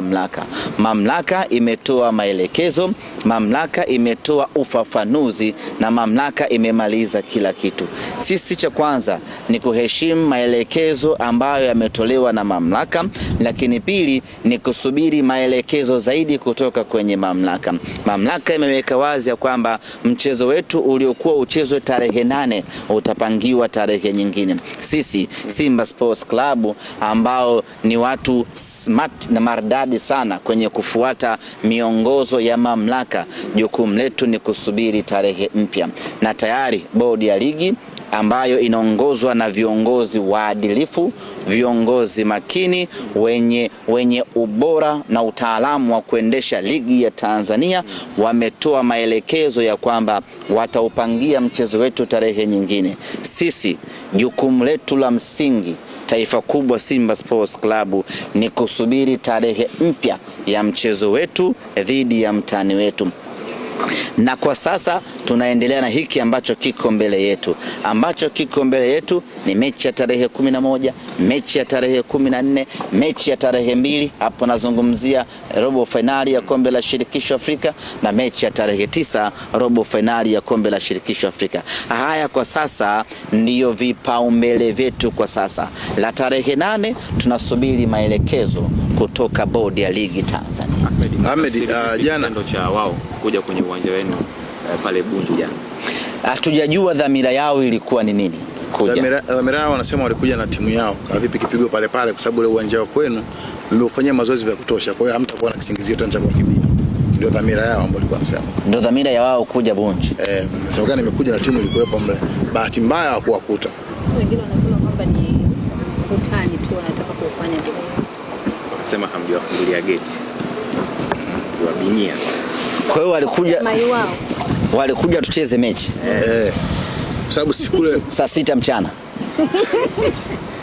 mamlaka. Mamlaka imetoa maelekezo, mamlaka imetoa ufafanuzi na mamlaka imemaliza kila kitu. Sisi cha kwanza ni kuheshimu maelekezo ambayo yametolewa na mamlaka, lakini pili ni kusubiri maelekezo zaidi kutoka kwenye mamlaka. Mamlaka imeweka wazi ya kwamba mchezo wetu uliokuwa uchezwe tarehe nane utapangiwa tarehe nyingine. Sisi Simba Sports Club ambao ni watu smart na maridadi stadi sana kwenye kufuata miongozo ya mamlaka. Jukumu letu ni kusubiri tarehe mpya, na tayari bodi ya ligi ambayo inaongozwa na viongozi waadilifu, viongozi makini, wenye, wenye ubora na utaalamu wa kuendesha ligi ya Tanzania wametoa maelekezo ya kwamba wataupangia mchezo wetu tarehe nyingine. Sisi jukumu letu la msingi taifa kubwa Simba Sports Club ni kusubiri tarehe mpya ya mchezo wetu dhidi ya mtani wetu na kwa sasa tunaendelea na hiki ambacho kiko mbele yetu, ambacho kiko mbele yetu ni mechi ya tarehe kumi na moja, mechi ya tarehe kumi na nne, mechi ya tarehe mbili, hapo nazungumzia robo fainali ya kombe la shirikisho Afrika, na mechi ya tarehe tisa, robo fainali ya kombe la shirikisho Afrika. Haya kwa sasa ndiyo vipaumbele vyetu kwa sasa. La tarehe nane tunasubiri maelekezo kutoka bodi ya ligi Tanzania. Ahmed, uh, uh, jana ndo cha wao kuja kwenye uwanja wenu eh, pale Bunju jana. Hatujajua dhamira yao ilikuwa ni nini kuja. Dhamira, yao wanasema walikuja na timu yao kwa vipi kipigwa pale pale, kwa sababu ile uwanja wa kwenu mliofanyia mazoezi vya kutosha, kwa hiyo hamtakuwa na kisingizio tena cha kukimbia. Ndio dhamira yao ambayo walikuwa wanasema, ndio dhamira ya wao kuja Bunju. Eh, sababu gani imekuja na timu ilikuwepo mle, bahati mbaya hawakuwakuta. Wengine wanasema kwamba ni utani tu wanataka kufanya, wanasema hamjawafungulia geti, wabinia kwa hiyo walikuja walikuja tucheze mechi eh, sababu sikule saa sita mchana